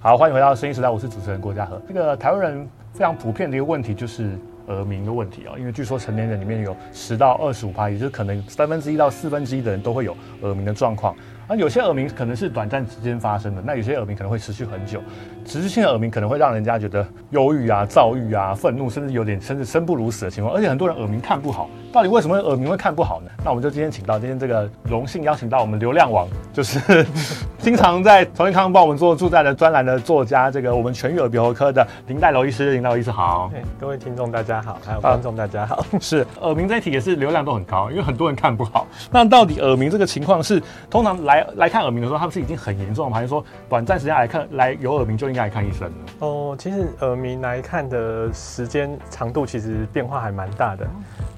好，歡迎回到《生醫時代》，我是主持人郭嘉和。這個台灣人非常普遍的一個問題就是耳鳴的問題啊、哦，因為據說成年人裡面有十到二十五趴，也就是可能三分之一到四分之一的人都會有耳鳴的狀況。而、啊、有些耳鳴可能是短暫時間發生的，那有些耳鳴可能會持續很久。持續性的耳鳴可能會讓人家覺得憂鬱啊、躁鬱啊、憤怒，甚至有點甚至生不如死的情況。而且很多人耳鳴看不好。到底為什麼耳鳴會看不好呢？那我們就今天請到今天這個榮幸邀請到我們流量王，就是經常在重慶康幫我們做駐站的專欄的作家，這個我們全域耳鼻喉科的林岱樓醫師。林岱樓醫師好，欸、各位聽眾大家好，還有觀眾大家好。啊、是耳鳴這一題也是流量都很高，因為很多人看不好。那到底耳鳴這個情況是通常來來看耳鳴的時候，他們是已經很嚴重嗎？還是說短暫時間來看來有耳鳴就應該來看醫生？哦、呃，其實耳鳴來看的時間長度其實變化還蠻大的，嗯、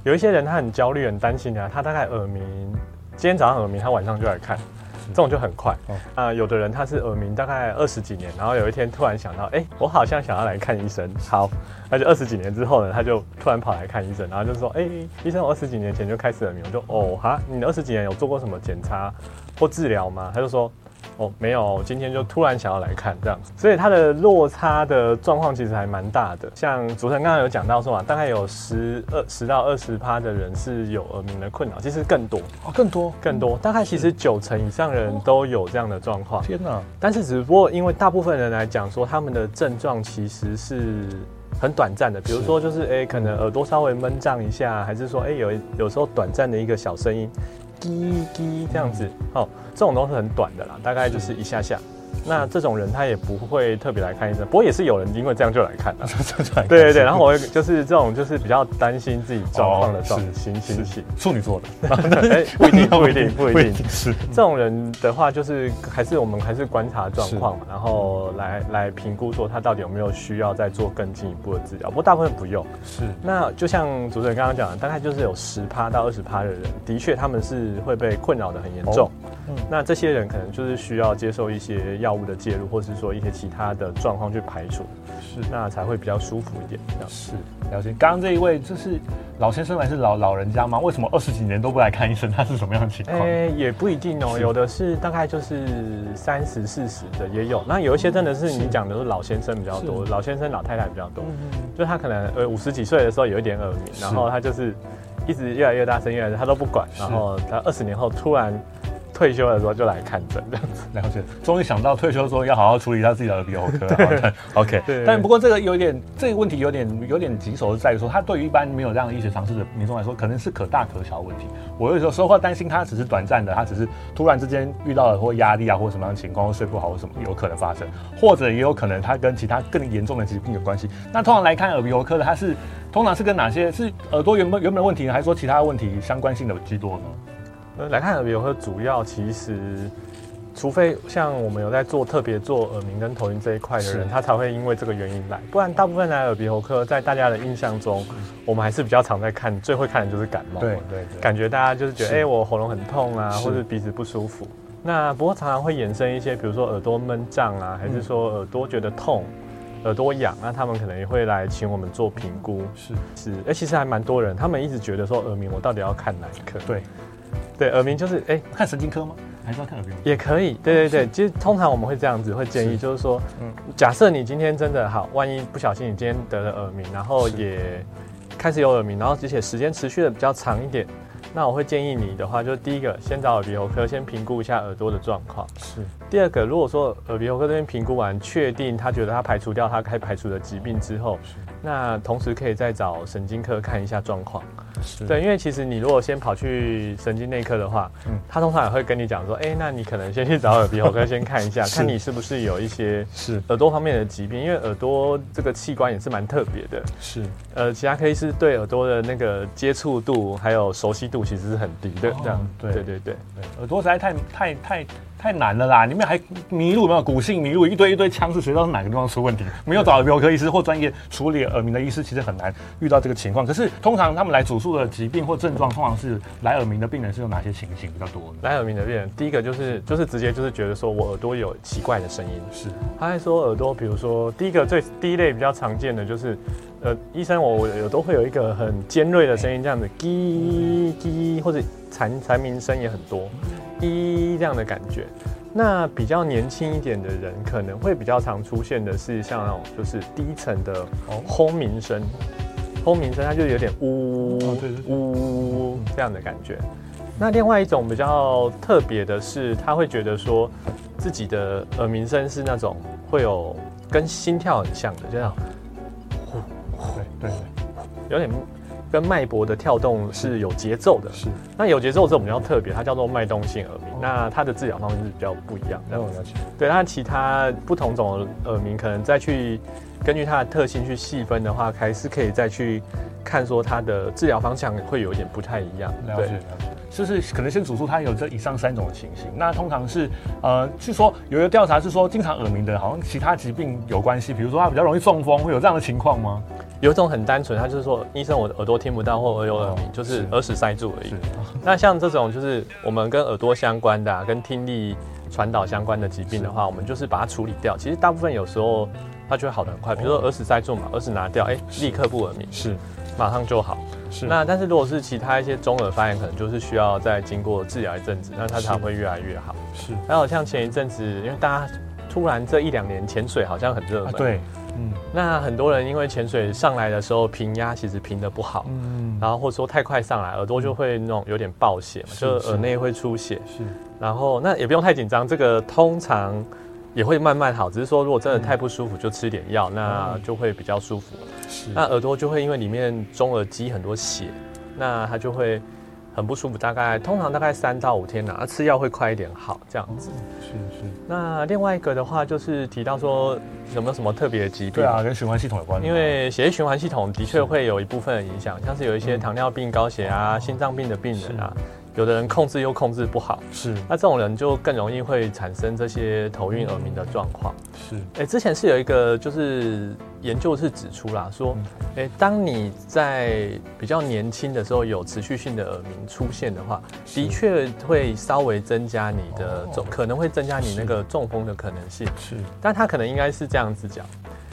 有一些人。他很焦慮，很擔心啊。他大概耳鳴，今天早上耳鳴，他晚上就來看，這種就很快。啊、嗯，呃，有的人他是耳鳴大概二十幾年，然後有一天突然想到，哎、欸，我好像想要來看醫生。好，那就二十幾年之後呢，他就突然跑來看醫生，然後就說，哎、欸，醫生，我二十幾年前就開始耳鳴，我就哦哈，你二十幾年有做過什麼檢查或治療嗎？他就說。哦，沒有，今天就突然想要來看這樣子，所以它的落差的狀況其實還蠻大的。像主持人剛剛有講到說嘛，大概有十二十到二十趴的人是有耳鳴的困擾，其實更多啊，更多，更多，大概其實九成以上人都有這樣的狀況，嗯。天哪、啊！但是只不過因為大部分人來講說，他們的症狀其實是很短暫的，比如說就是哎、欸，可能耳朵稍微悶脹一下，還是說哎、欸、有有時候短暫的一個小聲音。滴滴這樣子，哦，這種都是很短的啦，大概就是一下下。那這種人他也不會特別來看醫生，不過也是有人因為這樣就來看了。 對對對，然後我會這種，就是比較擔心自己狀況的狀況。是，處女座的，哎、 欸，不一定，不一定，不一定，是 這種人的話，就是還是我們還是觀察狀況嘛，是然後來來評估說他到底有沒有需要再做更進一步的治療。不過大部分不用。是，那就像主持人剛剛講的，大概就是有十趴到二十趴的人，的確他們是會被困擾得很嚴重。哦嗯，那這些人可能就是需要接受一些藥物的介入，或者是說一些其他的狀況去排除，是，那才會比較舒服一點。是，了解。剛剛這一位就是老先生還是老老人家嗎？為什麼二十幾年都不來看醫生？他是什麼樣的情況？哎、欸，也不一定哦、喔。是有的是大概就是三十、四十的也有，那有一些真的是你講的是老先生比較多，老先生、老太太比較多。嗯，就他可能呃五十幾歲的時候有一點耳鳴，是然後他就是一直越來越大聲，越來越他都不管，是然後他二十年後突然，退休的時候就來看診，這樣子，然後就終於想到退休的時候要好好處理一下自己的耳鼻喉科。OK，但不過這個有點這個問題有點有點棘手，在於說他對於一般沒有這樣的醫學常識的民眾來說，可能是可大可小的問題。我有時候說話擔心他只是短暫的，他只是突然之間遇到了或壓力啊，或什麼樣的情況，或睡不好，或什麼有可能發生，或者也有可能他跟其他更嚴重的疾病有關係。那通常來看耳鼻喉科的，它是通常是跟哪些是耳朵原本原本的問題，還是說其他問題相關性的居多呢？呃、來看耳鼻喉科主要其實，除非像我們有在做特別做耳鳴跟頭暈這一塊的人，是他才會因為這個原因來。不然大部分來耳鼻喉科，在大家的印象中，是我們還是比較常在看最會看的就是感冒對。對，對，感覺大家就是覺得哎是、欸，我喉嚨很痛啊，是或是鼻子不舒服。那不過常常會延伸一些，比如說耳朵悶脹啊，還是說耳朵覺得痛、嗯、耳朵癢，那他們可能也會來請我們做評估。是是，哎、欸，其實還蠻多人，他們一直覺得說耳鳴，我到底要看哪一科？是對。對耳鳴就是哎，欸，看神經科嗎？還是要看耳鼻喉？也可以，對對對。是其實通常我們會這樣子會建議，就是說，是嗯，假設你今天真的好，萬一不小心你今天得了耳鳴，然後也開始有耳鳴，然後而且時間持續的比較長一點，那我會建議你的話，就是第一個先找耳鼻喉科先評估一下耳朵的狀況。是。第二個，如果說耳鼻喉科這邊評估完，確定他覺得他排除掉他該排除的疾病之後。嗯那同時可以再找神經科看一下狀況，是對，因為其實你如果先跑去神經內科的話，嗯，他通常也會跟你講說，哎、欸，那你可能先去找耳鼻喉科 先看一下，是看你是不是有一些是耳朵方面的疾病，是因為耳朵這個器官也是蠻特別的，是，呃，其他科醫師對耳朵的那個接觸度還有熟悉度其實是很低的，哦、這樣，對,對對對對,對，耳朵實在太太太。太太難了啦！你們還迷路有沒有？骨性迷路，一堆一堆腔是誰知道是哪個地方出問題？沒有找耳科醫師或專業處理耳鳴的醫師，其實很難遇到這個情況。可是通常他們來主訴的疾病或症狀，通常是來耳鳴的病人是有哪些情形比較多？來耳鳴的病人，第一個就是就是直接就是覺得說我耳朵有奇怪的聲音，是。他還說耳朵，比如說第一個最第一類比較常見的就是。呃，醫生，我我都會有一個很尖銳的聲音，這樣子滴滴，或者蟬蟬鳴聲也很多，滴這樣的感覺。那比較年輕一點的人，可能會比較常出現的是像那種就是低沉的轟鳴聲，轟鳴聲，民民它就有點嗚、哦、嗚嗚嗚這樣的感覺。那另外一種比較特別的是，他會覺得說自己的耳鳴聲是那種會有跟心跳很像的這樣。就對，有點跟脈搏的跳動是有節奏的。是，那有節奏這種比較特別，它叫做脈動性耳鳴。哦，那它的治療方式是比較不一樣的。對，那其他不同種的耳鳴，可能再去根據它的特性去細分的話，還是可以再去看說它的治療方向會有一點不太一樣。了解。對了解就是可能先主訴，它有這以上三種情形。那通常是，呃，據說有一個調查是說，經常耳鳴的好像其他疾病有關係，比如說他比較容易中風，會有這樣的情況嗎？有一種很單純，他就是說，醫生我的耳朵聽不到，或我有耳鳴，哦、就是耳屎塞住而已。那像這種就是我們跟耳朵相關的、啊、跟聽力傳導相關的疾病的話，是我們就是把它處理掉。其實大部分有時候。它就會好得很快，比如說耳屎塞住嘛，耳屎拿掉，哎，立刻不耳鳴，是，馬上就好。是，那但是如果是其他一些中耳發炎，可能就是需要再經過治療一陣子，那它才會越來越好。是，還有像前一陣子，因為大家突然這一兩年潛水好像很熱門，對，嗯，那很多人因為潛水上來的時候，平壓其實平的不好，嗯，然後或者說太快上來，耳朵就會那種有點爆血嘛，就耳內會出血。是，然後那也不用太緊張，這個通常。也會慢慢好，只是說如果真的太不舒服，就吃點藥，嗯、那就會比較舒服了。是，那耳朵就會因為裡面中耳積很多血，那它就會很不舒服。大概通常大概三到五天呢，啊，吃藥會快一點好這樣子。是、嗯、是。是那另外一個的話，就是提到說有沒有什麼特別的疾病？對啊，跟循環系統有關。因為血液循環系統的確會有一部分的影響，是像是有一些糖尿病、高血壓、嗯、心臟病的病人啊。嗯有的人控制又控制不好，是那這種人就更容易會產生這些頭暈耳鳴的狀況。嗯，是。誒，欸，之前是有一個就是研究是指出啦，說，誒，欸，當你在比較年輕的時候有持續性的耳鳴出現的話，是。的確會稍微增加你的中，哦，可能會增加你那個中風的可能性。是，但他可能應該是這樣子講。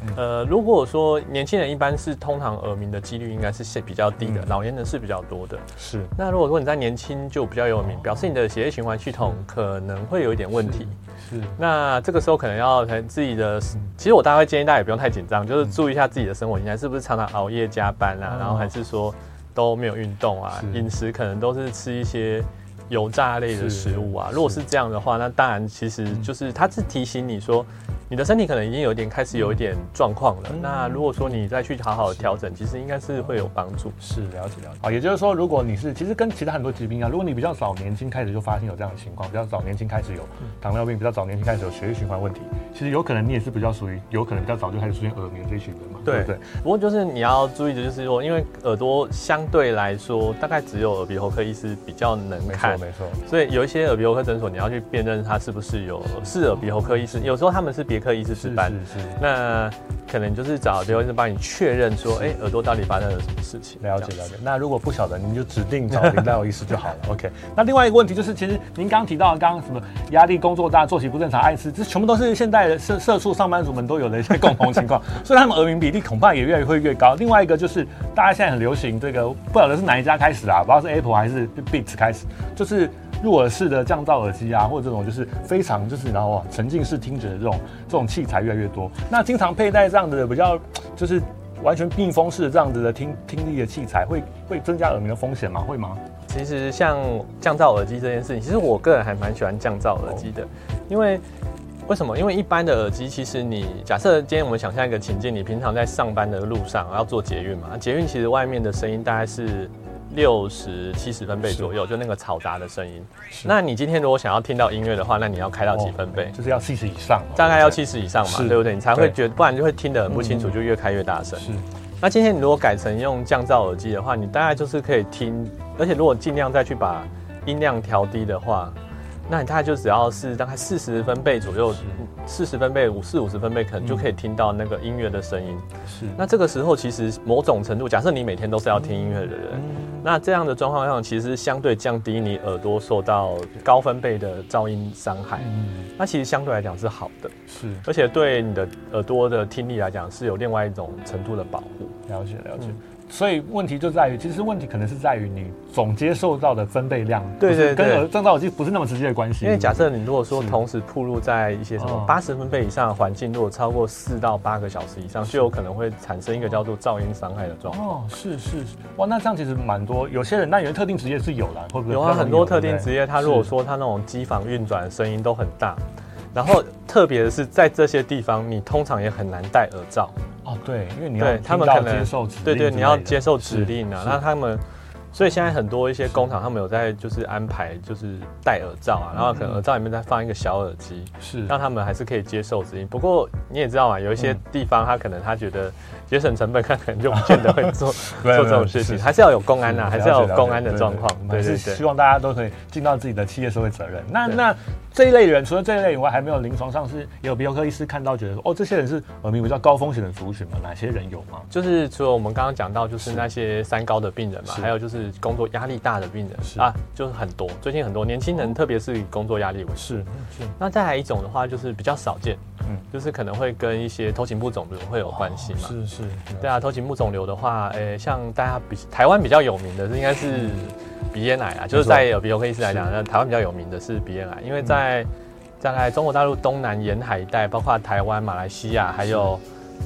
嗯、呃，如果說年輕人一般是通常耳鳴的幾率應該是是比較低的，嗯、老年人是比較多的。是。那如果說你在年輕就比較有耳鳴，哦、表示你的血液循環系統可能會有一點問題。是。是，那這個時候可能要自己的，其實我大概建議大家也不用太緊張，嗯、就是注意一下自己的生活應該是不是常常熬夜加班啊，嗯、然後還是說都沒有運動啊，飲是食可能都是吃一些油炸類的食物啊。如果是這樣的話，那當然其實就是他是提醒你說。你的身體可能已經有一點開始有一點狀況了。嗯、那如果說你再去好好的調整，是其實應該是會有幫助。是，了解了解。啊，也就是說，如果你是其實跟其他很多疾病啊，如果你比較早年輕開始就發現有這樣的情況，比較早年輕開始有糖尿病，比較早年輕開始有血液循環問題，其實有可能你也是比較屬於有可能比較早就開始出現耳鳴這一群的嘛，對，對不對？不過就是你要注意的就是說，因為耳朵相對來說，大概只有耳鼻喉科醫師比較能看，沒錯，沒錯。所以有一些耳鼻喉科診所，你要去辨認他是不是有是耳鼻喉科醫師，有時候他們是比可以醫師，師班，是是是，那可能就是找劉醫生幫你確認說，哎是、欸，耳朵到底發生了什麼事情？了解了解，OK。那如果不曉得，你就指定找林岱樓醫師就好了。 OK, OK。那另外一個問題就是，其實您剛提到剛剛什麼壓力工作大、作息不正常、愛吃，這全部都是現代社社畜上班族們都有的一些共同情況， 所以他們耳鳴比例恐怕也越來越高。另外一個就是，大家現在很流行這個，不曉得是哪一家開始啊，不知道是 Apple 還是 Beats 開始，就是。入耳式的降噪耳機啊，或者這種就是非常就是然後啊沉浸式聽覺的這種這種器材越來越多。那經常佩戴這樣子的比較就是完全密封式的這樣子的聽聽力的器材會，會會增加耳鳴的風險嗎？會嗎？其實像降噪耳機這件事情，其實我個人還蠻喜歡降噪耳機的，oh. 因為為什麼？因為一般的耳機，其實你假設今天我們想象一個情境，你平常在上班的路上要坐捷運嘛，捷運其實外面的聲音大概是。六十七十分貝左右，就那個嘈雜的聲音。那你今天如果想要聽到音樂的話，那你要開到幾分貝？就是要七十以上，大概要七十以上嘛，對不對？你才會覺得，不然就會聽得很不清楚，就越開越大聲。是。那今天你如果改成用降噪耳機的話，你大概就是可以聽，而且如果盡量再去把音量調低的話，那你大概就只要是大概四十分貝左右，四十分貝五四五十分貝，可能就可以聽到那個音樂的聲音。是。那這個時候其實某種程度，假設你每天都是要聽音樂的人。那這樣的狀況上，其實相對降低你耳朵受到高分貝的噪音傷害，嗯，那其實相對來講是好的，是，而且對你的耳朵的聽力來講是有另外一種程度的保護。了解，了解。嗯所以問題就在於，其實問題可能是在於你總接受到的分貝量，對對，對，對，跟耳罩耳機不是那麼直接的關係。因為假設你如果說同時曝露在一些什麼八十分貝以上的環境，如果超過四到八個小時以上，是就有可能會產生一個叫做噪音傷害的狀況。哦。哦，是是是。哇，那這樣其實蠻多，有些人，那有些特定職業是有的，會不會有？有啊，很多特定職業，他如果說他那種機房運轉的聲音都很大，然後特別的是在這些地方，你通常也很難戴耳罩。哦，對，因為你要他們可能接受指對對，你要接受指令啊，那他們，所以現在很多一些工廠他們有在就是安排就是戴耳罩啊，然後可能耳罩裡面再放一個小耳機，是讓他們還是可以接受指令。不過你也知道嘛，有一些地方他可能他覺得節省成本，他可能就不見得會做做這種事情，還是要有公安啊，還是要有公安的狀況，對，是希望大家都可以盡到自己的企業社會責任。那那。這一類人，除了這一類以外，還沒有臨床上是也有耳鼻喉科醫師，看到，覺得說哦，這些人是耳鳴比較高風險的族群嗎？哪些人有嗎？就是除了我們剛剛講到，就是那些三高的病人嘛，是還有就是工作壓力大的病人是。啊，就是很多。最近很多年輕人，特別是以工作壓力為是是。是那再來一種的話，就是比較少見，嗯，就是可能會跟一些頭頸部腫瘤會有關係嘛？是、哦、是，是是對啊，頭頸部腫瘤的話，呃、欸，像大家比台灣比較有名的，是應該是鼻咽癌啊，就是在耳鼻喉科醫師來講，那台灣比較有名的是鼻咽癌，因為在在大概中國大陸東南沿海一帶，包括台灣、馬來西亞，還有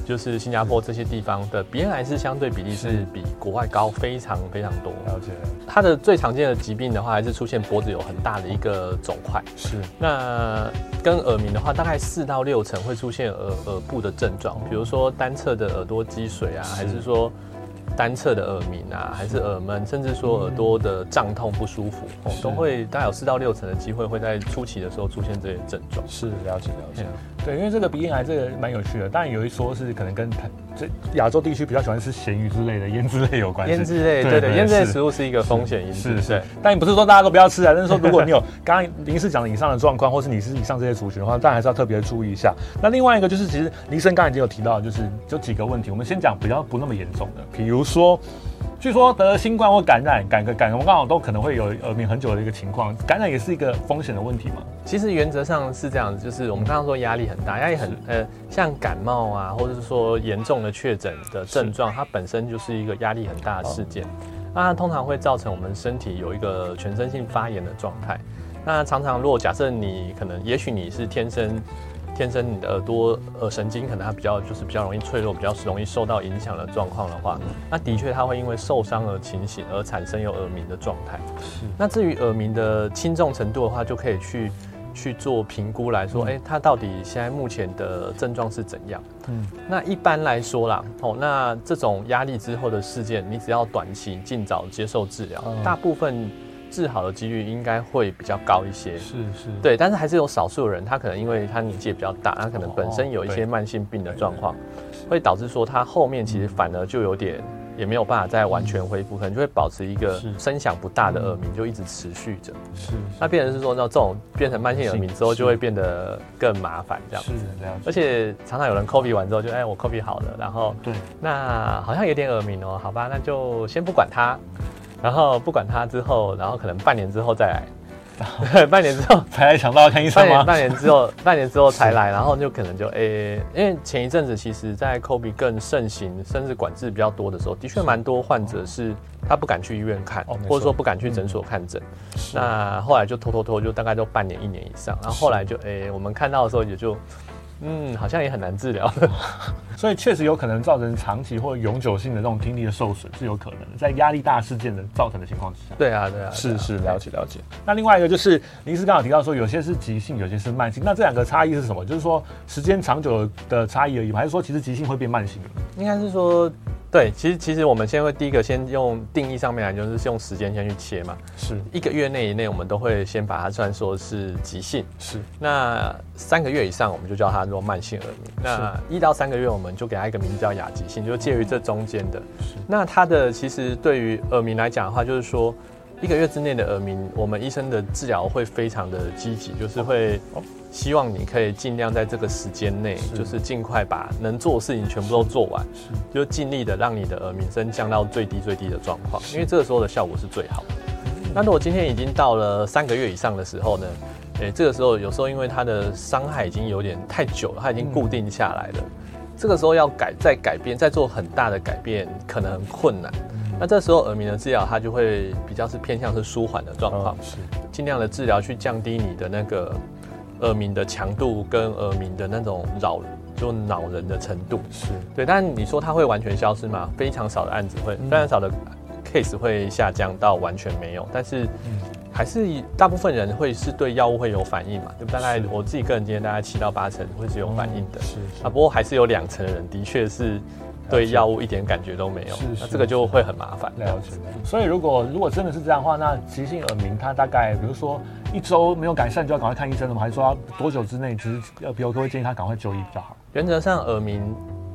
就是新加坡這些地方的鼻咽癌，還是相對比例是比國外高，非常非常多。了解。它的最常見的疾病的話，還是出現脖子有很大的一個腫塊。是。那跟耳鳴的話，大概四到六成會出現耳耳部的症狀，比如說單側的耳朵積水啊，還是說。單側的耳鳴啊，還是耳悶，是甚至說耳朵的脹痛不舒服，是哦，都會大概有四到六成的機會會在初期的時候出現這些症狀。是，了解了解。Yeah. 對，因為這個鼻炎還是蠻有趣的，當然有一說是可能跟。所以，亞洲地區比較喜歡吃鹹魚之類的醃製類有關係，醃製類對對，對對，醃製類食物是一個風險因素。是是，是對但你不是說大家都不要吃啊，但是說如果你有剛剛林醫師講的以上的狀況， 或是你是以上這些族群的話，當然還是要特別注意一下。那另外一個就是，其實林醫生剛才已經有提到，就是有幾個問題，我們先講比較不那麼嚴重的，比如說。據說得了新冠或感染、感個感個感冒，都可能會有耳鳴很久的一個情況，感染也是一個風險的問題嘛？其實原則上是這樣子，就是我們剛剛說壓力很大，壓力很是呃，像感冒啊，或者是說嚴重的確診的症狀，是它本身就是一個壓力很大的事件，那、哦、它通常會造成我們身體有一個全身性發炎的狀態。那常常如果假設你可能，也許你是天生，天生你的耳朵耳神經可能它比較就是比較容易脆弱，比較容易受到影響的狀況的話，那的確它會因為受傷而情形而產生有耳鳴的狀態。是。那至於耳鳴的輕重程度的話，就可以去去做評估來說，哎、嗯，它到底現在目前的症狀是怎樣？嗯。那一般來說啦，哦，那這種壓力之後的事件，你只要短期盡早接受治療，嗯、大部分。治好的幾率應該會比較高一些，是是，對，但是還是有少數人，他可能因為他年紀也比較大，他可能本身有一些慢性病的狀況，會導致說他後面其實反而就有點也沒有辦法再完全恢復，可能就會保持一個聲響不大的耳鳴就一直持續着。是，是。那病人是說，那這種變成慢性耳鳴之後就會變得更麻煩這樣子，這樣而且常常有人摳 y 完之後就，哎、欸，我摳 y 好了，然後，對。那好像有點耳鳴哦、喔，好吧，那就先不管他。然後不管他之後，然後可能半年之後再來，對，半年之後才來想辦法看醫生嗎？半、半年之後，半年之後才來，的然後就可能就哎、欸、因為前一陣子其實在 COVID 更盛行，甚至管制比較多的時候，的確蠻多患者是他不敢去醫院看，的或者說不敢去診所看診。哦、那後來就拖拖拖，就大概都半年一年以上，然後後來就哎的、欸、我們看到的時候也就。嗯，好像也很難治療的， 所以確實有可能造成長期或永久性的這種聽力的受損，是有可能的，在壓力大事件的造成的情況之下。對啊，對，啊對啊，對啊，是是，了解了解。了解了解，那另外一個就是，林醫師剛好提到說有些是急性，有些是慢性，那這兩個差異是什麼？就是說時間長久的差異而已，還是說其實急性會變慢性？應該是說。對，其實其實我們先會第一個先用定義上面來，就是用時間先去切嘛。是，一個月內以內，我們都會先把它算說是急性。是，那三個月以上，我們就叫它做慢性耳鳴。是，那一到三個月，我們就給它一個名字叫亞急性，就是介於這中間的。是，那它的其實對於耳鳴來講的話，就是說一個月之內的耳鳴，我們醫生的治療會非常的積極，就是會，哦。哦希望你可以盡量在這個時間內，就是盡快把能做的事情全部都做完，是就盡力的讓你的耳鳴聲降到最低最低的狀況，是因為這個時候的效果是最好的。是那如果今天已經到了三個月以上的時候呢？誒，這個時候有時候因為它的傷害已經有點太久了，它已經固定下來了。嗯、這個時候要改再改變、再做很大的改變，可能很困難。嗯、那這時候耳鳴的治療它就會比較是偏向是舒緩的狀況，哦、是盡量的治療去降低你的那個。耳鳴的強度跟耳鳴的那種擾，就惱、是、人的程度是對，但你說它會完全消失嗎？非常少的案子會，嗯、非常少的 case 會下降到完全沒有，但是還是大部分人會是對藥物會有反應嘛？對、嗯，就大概我自己個人今天大概七到八成會是有反應的，是、嗯、是，是啊，不過還是有兩成的人的確是對藥物一點感覺都沒有，嗯、是是，那這個就會很麻煩。了解，所以如果如果真的是這樣的話，那急性耳鳴它大概比如說。一周沒有改善就要趕快看醫生了嗎？還是說多久之內其實，皮尤科會建議他趕快就醫比較好。原則上，耳鳴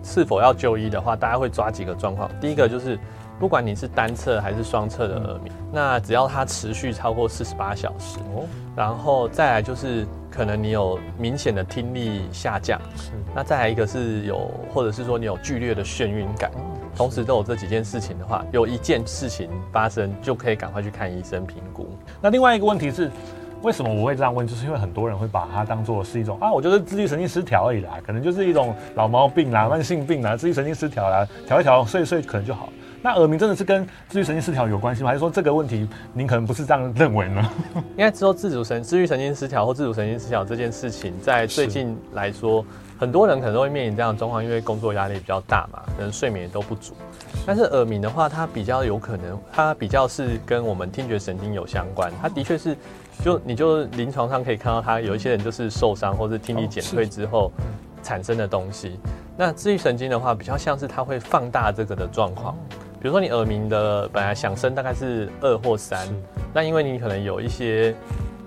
是否要就醫的話，大家會抓幾個狀況。第一個就是，不管你是單側還是雙側的耳鳴，嗯、那只要它持續超過四十八小時，哦、然後再來就是可能你有明顯的聽力下降，是那再來一個是有或者是說你有劇烈的眩暈感，哦、同時都有這幾件事情的話，有一件事情發生就可以趕快去看醫生評估。那另外一個問題是。為什麼我會這樣問？就是因為很多人會把它當做是一種啊，我覺得自律神經失調而已啦，可能就是一種老毛病啦、慢性病啦、自律神經失調啦，調一調睡一睡可能就好。那耳鳴真的是跟自律神經失調有關係嗎？還是說這個問題您可能不是這樣認為呢？應該說自主神自律神經失調或自主神經失調這件事情，在最近來說，是很多人可能都會面臨這樣的狀況，因為工作壓力比較大嘛，可能睡眠也都不足。但是耳鳴的話，它比較有可能，它比較是跟我們聽覺神經有相關，它的確是。就你就臨床上可以看到，他有一些人就是受傷或者聽力減退之後產生的東西。那自律神經的話，比較像是它會放大這個的狀況。比如說你耳鳴的本來響聲大概是二或三，那因為你可能有一些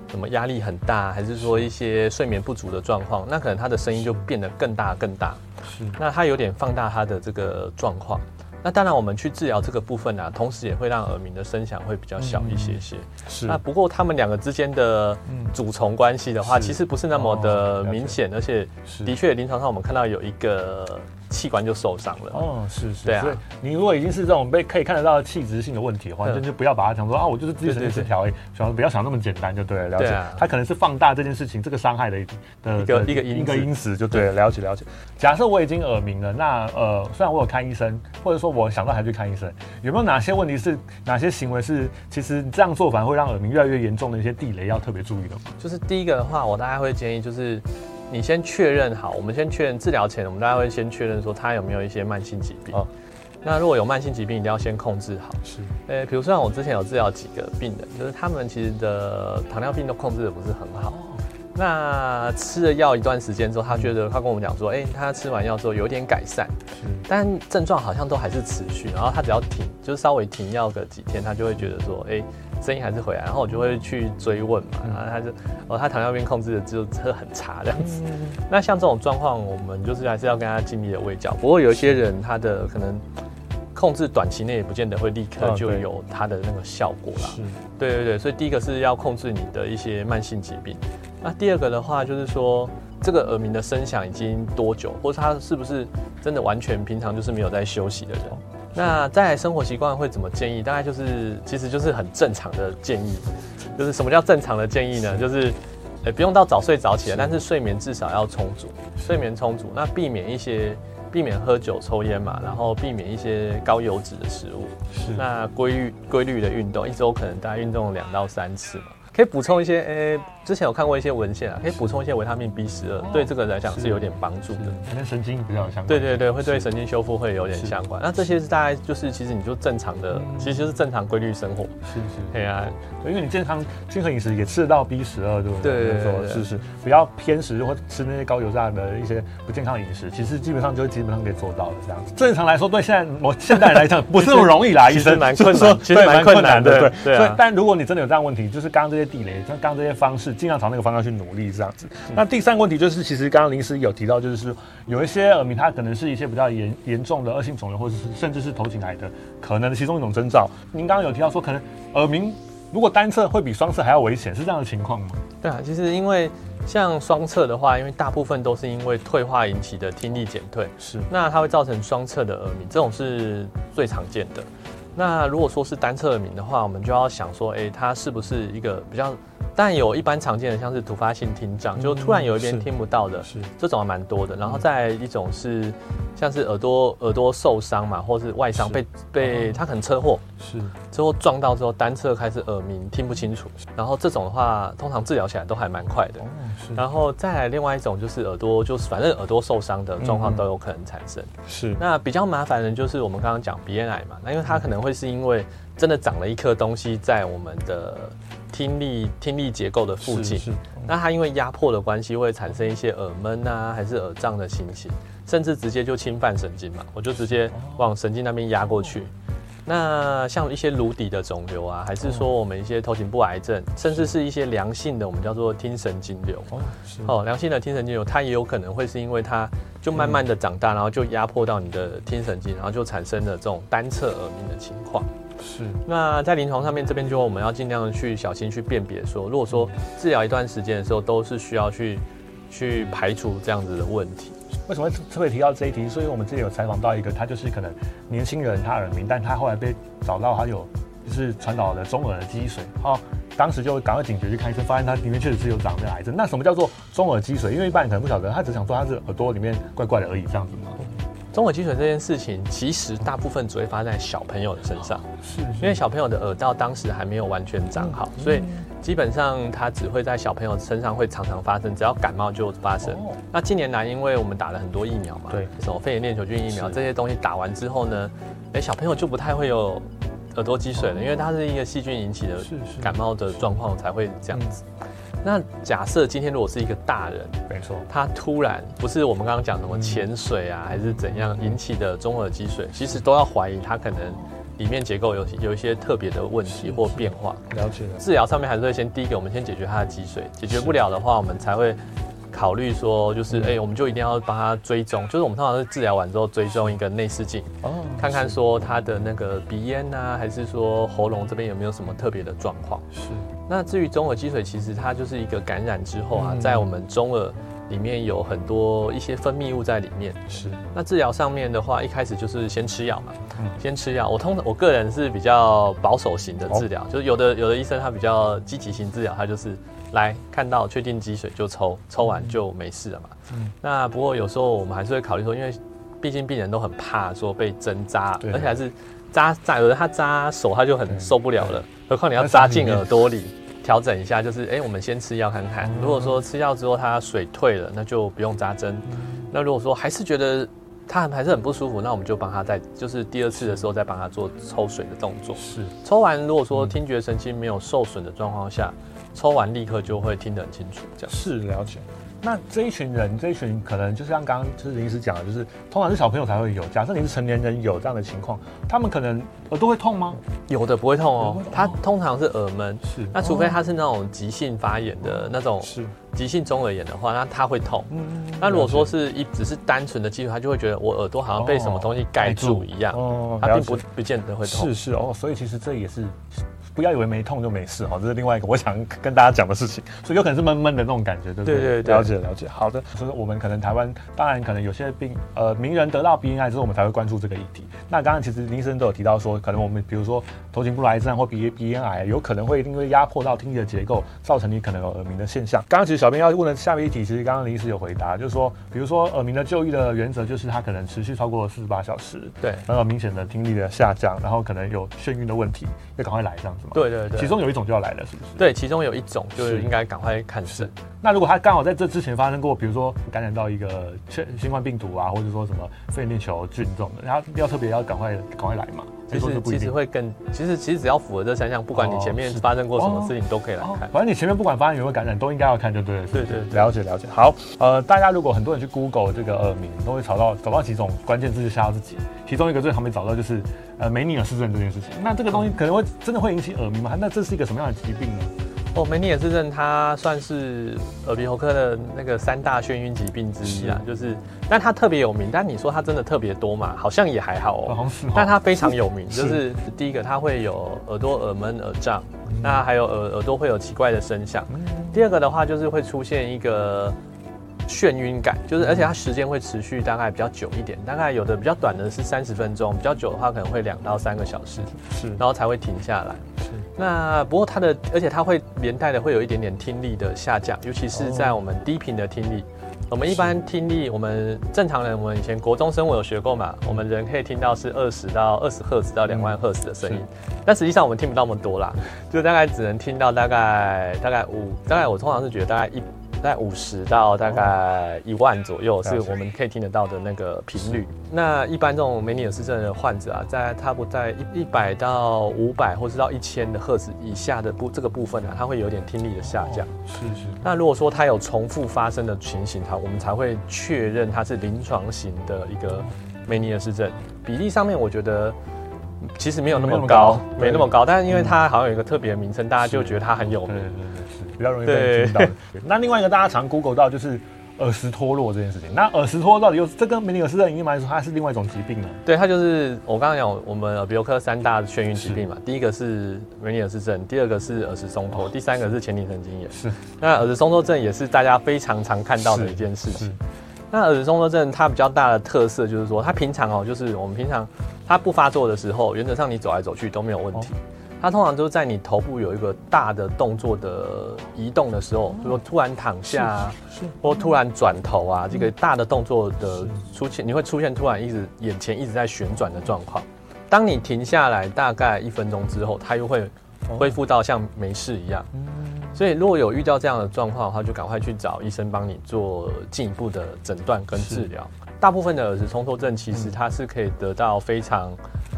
什麼壓力很大，還是說一些睡眠不足的狀況，那可能它的聲音就變得更大更大。是，那它有點放大它的這個狀況。那當然，我們去治療這個部分啊，同時也會讓耳鳴的聲響會比較小一些些。嗯嗯、是。那不過他們兩個之間的主從關係的話，嗯、其實不是那麼的明顯，哦、是、明白。而且的確臨床上我們看到有一個。器官就受傷了。哦，是是，是，對所、啊、以你如果已經是這種被可以看得到器質性的問題的話，那、嗯、就不要把它講說啊，我就是自律神經失調哎，講不要想那麼簡單就對了，了解。它、啊、可能是放大這件事情這個傷害的，的一個一個一個因子就對了解了解。了解假設我已經耳鳴了，那呃，雖然我有看醫生，或者說我想到還去看醫生，有沒有哪些問題是哪些行為是其實這樣做反而會讓耳鳴越來越嚴重的一些地雷要特別注意的嗎？就是第一個的話，我大概會建議就是。你先確認好，我們先確認治療前，我們大家會先確認說他有沒有一些慢性疾病哦。那如果有慢性疾病，一定要先控制好。是，呃、欸，比如說像我之前有治療幾個病人，就是他們其實的糖尿病都控制得不是很好。哦。那吃了藥一段時間之後，他覺得他跟我們講說，哎、欸，他吃完藥之後有點改善，是，但症狀好像都還是持續。然後他只要停，就是稍微停藥個幾天，他就會覺得說，哎、欸。聲音還是回來，然後我就會去追問嘛，嗯、然後他就哦，他糖尿病控制的就真的很差這樣子。嗯、那像這種狀況，我們就是還是要跟他緊密的衛教。不過有一些人，他的可能控制短期內也不見得會立刻就有他的那個效果了。是、啊，對，對對對。所以第一個是要控制你的一些慢性疾病。那第二個的話，就是說這個耳鳴的聲響已經多久，或者他是不是真的完全平常就是沒有在休息的人？哦那在生活習慣會怎麼建議？大概就是，其實就是很正常的建議，就是什麼叫正常的建議呢？是就是，誒、欸，不用到早睡早起來，是但是睡眠至少要充足，睡眠充足，那避免一些避免喝酒抽菸嘛，然後避免一些高油脂的食物，是。那規律規律的運動，一周可能大概運動兩到三次嘛，可以補充一些誒。欸之前有看過一些文獻啊，可以補充一些維他命 B 十二，對這個來講是有點幫助的，可能神經比較有相關。對對對，會對神經修復會有點相關。那這些是大概就是其實你就正常的，其實就是正常規律生活。是是。對啊，因為你健康均衡飲食也吃得到 B 十二，對不對？是對是，不要偏食或吃那些高油炸的一些不健康飲食，其實基本上就基本上可以做到了這樣子。正常來說，對現在我現在來講不是那麼容易啦，醫生，就是說其實蠻困難的，對對。所以，但如果你真的有這樣問題，就是剛剛這些地雷，像剛剛這些方式。盡量朝那個方向去努力，這樣子。那第三個問題就是，其實剛剛臨時有提到，就是有一些耳鳴，它可能是一些比較嚴嚴重的惡性腫瘤，或者是甚至是頭頸癌的可能的其中一種徵兆。您剛剛有提到說，可能耳鳴如果單側會比雙側還要危險，是這樣的情況嗎？對啊，其實因為像雙側的話，因為大部分都是因為退化引起的聽力減退，是那它會造成雙側的耳鳴，這種是最常見的。那如果說是單側耳鳴的話，我們就要想說，哎、欸，它是不是一個比較。但有一般常見的，像是突發性聽障，嗯、就突然有一邊聽不到的，是這種還蠻多的。是然後再一種是，像是耳朵耳朵受傷嘛，或是外傷被是被他可能車禍是之後撞到之後單側開始耳鳴聽不清楚，是然後這種的話通常治療起來都還蠻快的。哦、是、然後再來另外一種就是耳朵就是反正耳朵受傷的狀況都有可能產生。嗯、是那比較麻煩的，就是我們剛剛講鼻咽癌嘛，那因為它可能會是因為真的長了一顆東西在我們的。聽力、聽力結構的附近，是是嗯、那它因為壓迫的關係，會產生一些耳悶啊，還是耳脹的情形，甚至直接就侵犯神經嘛，我就直接往神經那邊壓過去。哦、那像一些顱底的腫瘤啊，還是說我們一些頭頸部癌症，哦、甚至是一些良性的，我們叫做聽神經瘤。是哦，良性的聽神經瘤，它也有可能會是因為它就慢慢的長大，是然後就壓迫到你的聽神經，然後就產生了這種單側耳鳴的情況。是，那在臨床上面這邊就我們要盡量去小心去辨別說，如果說治療一段時間的時候，都是需要去去排除這樣子的問題。為什麼會特別提到這一題？所以我們這裡有採訪到一個，他就是可能年輕人，他耳鳴，但他後來被找到他有就是傳導的中耳積水。好、哦，當時就趕快警覺去看醫生，發現他裡面確實是有長的癌症。那什麼叫做中耳積水？因為一般人可能不曉得，他只想說他是耳朵裡面怪怪的而已，這樣子嗎？中耳積水這件事情，其實大部分只會發生在小朋友的身上，是，因為小朋友的耳道當時還沒有完全長好，所以基本上它只會在小朋友身上會常常發生，只要感冒就發生。那近年來，因為我們打了很多疫苗嘛，對，什麼肺炎鏈球菌疫苗這些東西打完之後呢，欸，小朋友就不太會有耳朵積水了，因為它是一個細菌引起的感冒的狀況才會這樣子。那假設今天如果是一個大人，沒錯錯，他突然不是我們剛剛講什麼潛水啊，嗯、還是怎樣引起的中耳積水，是其實都要懷疑他可能裡面結構有有一些特別的問題或變化。是是了解了。治療上面還是會先第一個，我們先解決他的積水，解決不了的話，是我們才會考慮說，就是哎對、欸，我們就一定要幫他追蹤，就是我們通常是治療完之後追蹤一個內視鏡，哦是，看看說他的那個鼻咽吶、啊，還是說喉嚨這邊有沒有什麼特別的狀況。是。那至於中耳積水，其實它就是一個感染之後啊，嗯、在我們中耳裡面有很多一些分泌物在裡面。是。那治療上面的話，一開始就是先吃藥嘛，嗯、先吃藥。我通常我個人是比較保守型的治療，哦、就是有的有的醫生他比較積極型治療，他就是來看到確定積水就抽，抽完就沒事了嘛。嗯。那不過有時候我們還是會考慮說，因為畢竟病人都很怕說被針扎，了而且還是扎扎有的他扎手他就很受不了了，何況你要扎進耳朵裡。 調整一下，就是哎、欸，我們先吃藥看看。如果說吃藥之後他水退了，那就不用扎針。那如果說還是覺得他還是很不舒服，那我們就幫他再就是第二次的時候再幫他做抽水的動作。是，抽完如果說聽覺神經沒有受損的狀況下，抽完立刻就會聽得很清楚。這樣是了解。那這一群人，這一群可能就是像剛剛就是林醫師講的，就是通常是小朋友才會有。假設你是成年人有這樣的情況，他們可能耳朵會痛嗎？有的不會痛哦，他通常是耳悶。是。那、哦、除非他是那種急性發炎的那種，是急性中耳炎的話，哦、那他會痛。嗯。那如果說是一是只是單純的積液他就會覺得我耳朵好像被什麼東西蓋住一樣。哦。他並不解不見得會痛。是是哦，所以其實這也是。不要以為沒痛就沒事哦，這是另外一個我想跟大家講的事情，所以有可能是悶悶的那種感覺，對是不是對，對對，了解對，了解。好的，所以說我們可能台灣，當然可能有些病，呃，名人得到鼻咽癌之後，我們才會關注這個議題。那剛剛其實林醫生都有提到說，可能我們比如說頭頸部癌症或鼻鼻咽癌，有可能會因為壓迫到聽力的結構，造成你可能有耳鳴的現象。剛剛其實小編要問的下面一題，其實剛剛林醫師有回答，就是說，比如說耳鳴的就醫的原則，就是它可能持續超過四十八小時，對，然後明顯的聽力的下降，然後可能有眩暈的問題，要趕快來這樣子。對對對，其中有一種就要來了，是不是？對，其中有一種就應是應該趕快看診。那如果他剛好在這之前發生過，比如說感染到一個新冠病毒啊，或者說什麼肺鏈球菌這種的，他要特別要趕快，趕快來嘛。其實其實會更，其實其實只要符合這三項，不管你前面發生過什麼事情，哦哦、你都可以來看，哦哦。反正你前面不管發生有沒有感染，都應該要看，就對了。是是對，對對，了解了解。好，呃，大家如果很多人去 Google 這個耳鳴，都會找到找到幾種關鍵字，就嚇到自己。其中一個最好沒找到就是，呃，梅尼爾氏症這件事情。那這個東西可能會、嗯、真的會引起耳鳴嗎？那這是一個什麼樣的疾病呢？哦，梅尼爾氏症它算是耳鼻喉科的那個三大眩暈疾病之一啊，是就是，但它特別有名。但你說它真的特別多嘛？好像也還好哦。哦，但它非常有名，是就是，是第一個，它會有耳朵耳悶、耳脹是，那還有耳耳朵會有奇怪的聲響。嗯、第二個的話，就是會出現一個。眩暈感就是，而且它時間會持續大概比較久一點，嗯、大概有的比較短的是三十分鐘，嗯、比較久的話可能會兩到三個小時，是，然後才會停下來。是，那不過它的，而且它會連帶的會有一點點聽力的下降，尤其是在我們低頻的聽力。哦、我們一般聽力，是我們正常人，我們以前國中生物有學過嘛，我們人可以聽到是二十到二十赫茲到兩萬赫茲的聲音，嗯、但實際上我們聽不到那麼多啦，就大概只能聽到大概大概五，大概我通常是覺得大概一。在五十到大概一萬左右，是我們可以聽得到的那個頻率。那一般這種梅尼爾氏症的患者啊，在差不多在一一百到五百或者到一千的赫茲以下的部這個部分呢、啊，他會有點聽力的下降。哦、是是。那如果說他有重複發生的情形，他、哦、我們才會確認他是臨床型的一個梅尼爾氏症。比例上面，我覺得其實沒有那麼高，嗯、沒，那麼高沒那麼高。但因為它好像有一個特別的名稱，對大家就覺得它很有名。比較容易被對 聽到。 那另外一個大家常 Google 到就是耳石脫落這件事情。那耳石脫落到底又是這跟梅尼爾氏症隱瞞來說，它是另外一種疾病嗎？對，它就是我剛剛講我們耳鼻喉科三大眩暈疾病嘛。是第一個是梅尼爾氏症，第二個是耳石鬆脫，哦、第三個是前庭神經炎。是。是那耳石鬆脫症也是大家非常常看到的一件事情。那耳石鬆脫症它比較大的特色就是說，它平常哦，就是我們平常它不發作的時候，原則上你走來走去都沒有問題。哦它通常就是在你頭部有一個大的動作的移動的時候，比如說突然躺下，或突然轉頭啊，嗯、這個大的動作的出現，你會出現突然一直眼前一直在旋轉的狀況。當你停下來大概一分鐘之後，它又會恢復到像沒事一樣。哦嗯、所以如果有遇到這樣的狀況的話，就趕快去找醫生幫你做進一步的診斷跟治療。是大部分的耳石衝突症其實它是可以得到非常。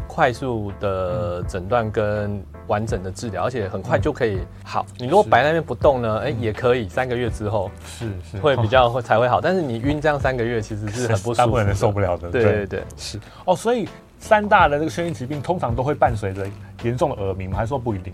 快速的診斷跟完整的治療，而且很快就可以好。你如果擺那邊不動呢？哎，也可以，三個月之後是是會比較會才會好。但是你暈這樣三個月，其實是很不舒服，大部分人受不了的。對對對，是哦。所以三大的這個眩暈疾病通常都會伴隨着嚴重的耳鳴嗎？還是說不一定？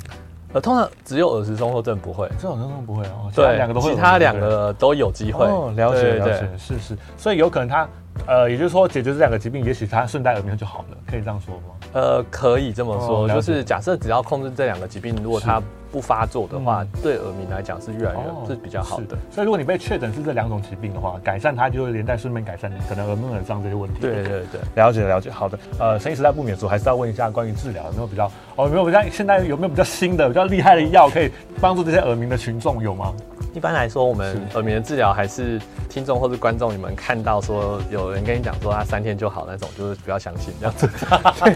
呃，通常只有耳石症或症不會，這種症狀不會哦。對，兩個都會，其他兩個都有機會哦，了解了解。是是，所以有可能他呃，也就是說解決這兩個疾病，也許他順帶耳鳴就好了，可以這樣說嗎？呃，可以這麼說，oh, 就是假設只要控制這兩個疾病，如果他，不發作的話，嗯、對耳鳴來講是越來越哦哦是比較好的。所以如果你被確診是這兩種疾病的話，改善它就會連帶順便改善你可能耳悶耳脹這些問題。對對對，了解了解。好的，呃，生醫時代不免俗，還是要問一下關於治療有沒有比較哦，有沒有比較、哦、現在有沒有比較新的、比較厲害的藥可以幫助這些耳鳴的群眾有嗎？一般來說，我們耳鳴的治療還是聽眾或者觀眾，你們看到說有人跟你講說他三天就好那種，就是不要相信這樣子。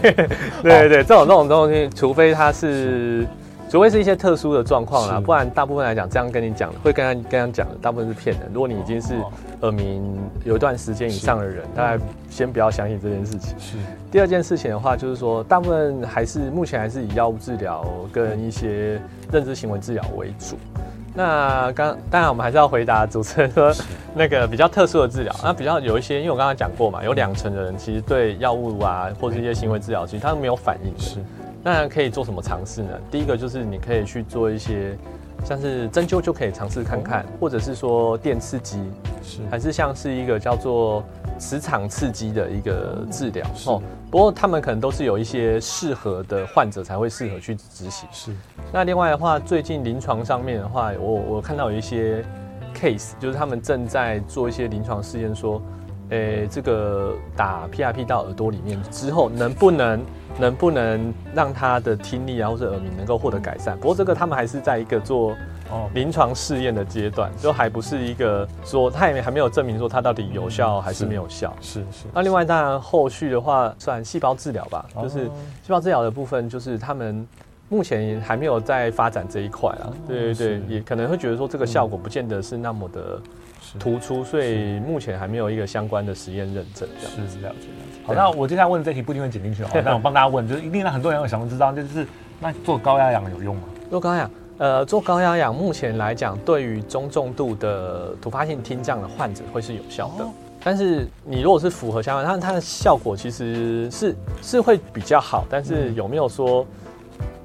對對對，哇這種這種東西，除非它是。是除非是一些特殊的狀況啦，是不然大部分來講，這樣跟你講，會跟他跟他講的，大部分是騙人。如果你已經是耳鳴有一段時間以上的人，是大概先不要相信這件事情。是、嗯。第二件事情的話，就是說，大部分還是目前還是以藥物治療跟一些認知行為治療為主。嗯、那剛當然，我們還是要回答主持人說是那個比較特殊的治療是那比較有一些，因為我剛剛講過嘛，有兩成的人其實對藥物啊，或是一些行為治療，其實、嗯、他們沒有反應的。是。那可以做什麼嘗試呢？第一個就是你可以去做一些，像是針灸就可以嘗試看看，哦、或者是說電刺激，是還是像是一個叫做磁場刺激的一個治療是哦。不過他們可能都是有一些適合的患者才會適合去執行。是。那另外的話，最近臨床上面的話，我我看到有一些 case，就是他們正在做一些臨床試驗，說，誒、欸，這個打 PRP 到耳朵裡面之後，能不能？能不能讓他的聽力啊，或者耳鳴能夠獲得改善？不過這個他們還是在一個做臨床試驗的階段，就還不是一個說，他也還沒有證明說它到底有效還是沒有效、嗯。是是。那、啊、另外，當然後續的話算細胞治療吧，就是細胞治療的部分，就是他們目前還沒有在發展這一塊啊。對對對，也可能會覺得說這個效果不見得是那麼的，突出，所以目前還沒有一個相關的實驗認證這樣，是這樣了解。這樣好，那我接下來問的這題不一定會剪進去哦。那我幫大家問，是的就是一定讓很多人有想問知道，就是那做高壓氧有用嗎？做高壓氧呃，做高壓氧目前來講，對於中重度的突發性聽障的患者會是有效的。哦、但是你如果是符合相關，但它，它的效果其實是是會比較好。但是有沒有說？嗯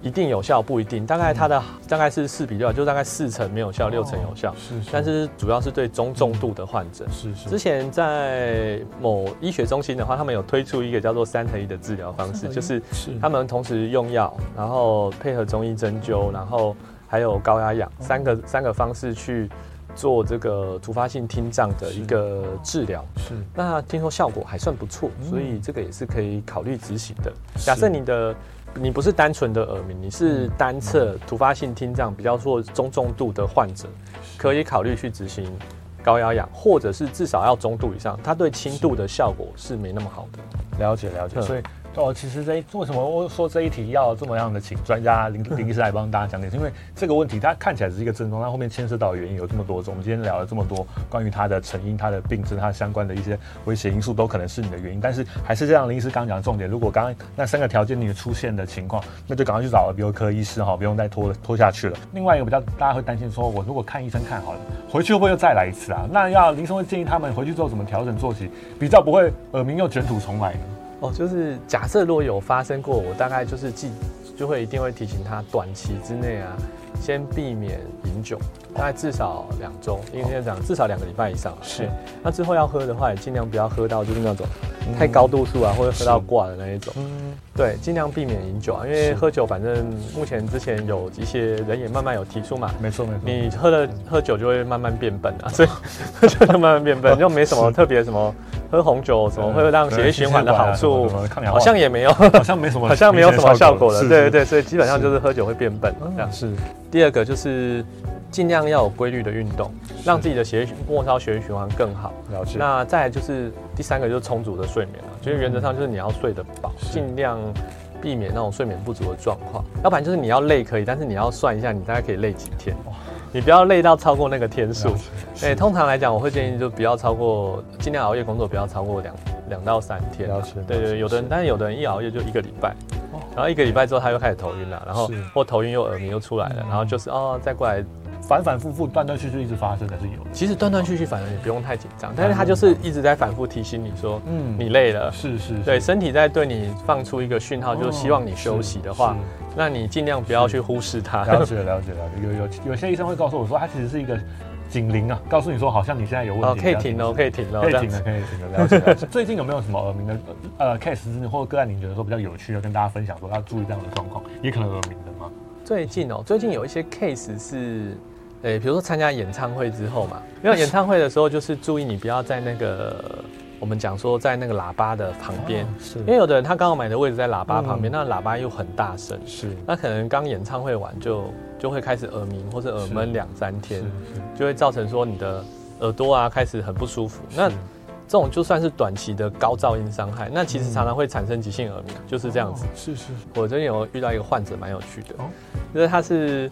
一定有效不一定，大概它的大概是四比六，就大概四成沒有效，六成有效。是，但是主要是對中重度的患者。是是。之前在某醫學中心的話，他們有推出一個叫做“三合一”的治療方式，就是他們同時用藥，然後配合中醫針灸，然後還有高壓氧三個三個方式去做這個突發性聽障的一個治療。是。那聽說效果還算不錯，所以這個也是可以考慮執行的。假設你的。你不是單純的耳鳴，你是單側突發性聽障，比較說中重度的患者，可以考慮去執行高壓氧，或者是至少要中度以上，它對輕度的效果是沒那麼好的。了解，是了解，了解呵所以。對哦，其實這為什麼我說這一題要這麼樣的請專家林 林醫師來幫大家講解，點是因為這個問題它看起來只是一個症狀，它後面牽涉到的原因有這麼多。我們今天聊了這麼多關於它的成因、它的病症、它相關的一些危險因素，都可能是你的原因。但是還是這樣，林醫師剛剛講的重點：如果剛剛那三個條件你出現的情況，那就趕快去找了，耳鼻喉科醫師哈，不用再拖拖下去了。另外一個比較大家會擔心說，我如果看醫生看好了，回去會不會又再來一次啊？那要林醫生會建議他們回去之後怎麼調整作息，比較不會耳鳴又捲土重來。哦，oh, 就是假設如果有發生過，我大概就是記，就會一定會提醒他，短期之內啊，先避免飲酒，oh. 大概至少兩周，oh. 因為現在講至少兩個禮拜以上。是，是那之後要喝的話，也盡量不要喝到就是那種太高度數啊，mm hmm. 或者喝到掛的那一種。是 mm hmm. 對，盡量避免飲酒啊，因為喝酒，反正目前之前有一些人也慢慢有提出嘛。沒錯沒錯，你喝了喝酒就會慢慢變笨啊，所以喝酒就慢慢變笨，就沒什麼特別什麼，喝紅酒什麼會讓血液循環的好處，好像也沒有，好像沒什麼，好像沒有什麼效果的。對對對，所以基本上就是喝酒會變笨。這樣是。第二個就是盡量要有規律的運動，讓自己的血液末梢血液循環更好。了解。那再來就是第三個就是充足的睡眠。其實原則上就是你要睡得飽，盡量避免那種睡眠不足的狀況。是要不然就是你要累可以，但是你要算一下你大概可以累幾天，哦、你不要累到超過那個天數。哎、欸，通常來講，我會建議就不要超過，盡是量熬夜工作不要超過兩兩到三天。對，對對，有的人，是但是有的人一熬夜就一個禮拜，哦、然後一個禮拜之後他又開始頭暈了，然後是或頭暈又耳鳴又出來了，嗯、然後就是哦再過來。反反復復、斷斷續續一直發生的是有的。其實斷斷續續反而也不用太緊張，但是他就是一直在反復提醒你說，嗯，你累了，是是，對，身體在對你放出一個訊號，就是希望你休息的話，那你盡量不要去忽視它。了解了解了解，有有有些醫生會告訴我說，它其實是一個警鈴啊，告訴你說好像你現在有問題。可以停了，可以停了，可以停了，可以停了。最近有沒有什麼耳鳴的呃 case 或者個案？你覺得說比較有趣的跟大家分享，說要注意這樣的狀況，也可能耳鳴的嗎？最近哦，最近有一些 case 是。哎、欸，比如說參加演唱會之後嘛，因為演唱會的時候就是注意你不要在那個我們講說在那個喇叭的旁邊，哦、是因為有的人他剛好買的位置在喇叭旁邊，那、嗯、喇叭又很大聲，是，那可能剛演唱會完就就會開始耳鳴或者耳悶兩三天，就會造成說你的耳朵啊開始很不舒服。是那這種就算是短期的高噪音傷害，嗯、那其實常常會產生急性耳鳴，就是這樣子。是、哦、是，是我真有遇到一個患者蠻有趣的，哦、因為他是。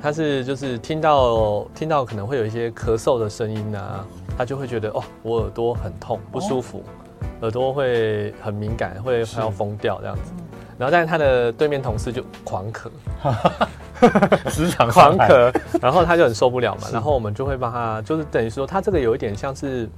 他是就是聽到聽到可能會有一些咳嗽的聲音啊，他就會覺得哦，我耳朵很痛不舒服，哦、耳朵會很敏感，會快要瘋掉這樣子。是然後，但是他的對面同事就狂咳，時常 狂咳，然後他就很受不了嘛。是然後我們就會幫他，就是等於說他這個有一點像是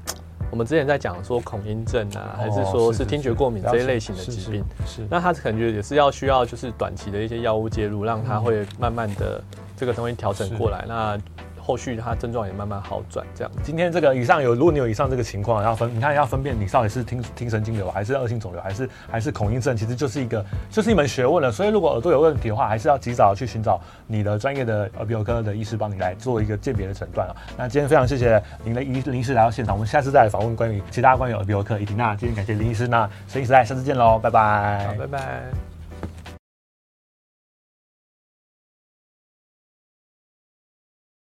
我們之前在講說恐音症啊，還是說是聽覺過敏這一類型的疾病。哦、是，是，是，是是是是是是，那他可能覺得也是要需要就是短期的一些藥物介入，讓他會慢慢的。這個東西調整過來，的那後續他症狀也慢慢好轉，這樣。今天這個以上有，如果你有以上這個情況，然後分，你看要分辨你到底是聽聽神經瘤，還是惡性腫瘤，還是還是恐音症，其實就是一個就是一門學問了。所以如果耳朵有問題的話，還是要及早去尋找你的專業的耳鼻喉科的醫師幫你來做一個鑑別的診斷啊。那今天非常謝謝您的林醫師來到現場，我們下次再來訪問關於其他關於耳鼻喉科議題。那今天感謝林醫師，那生醫時代，下次見嘍，拜拜。好，拜拜。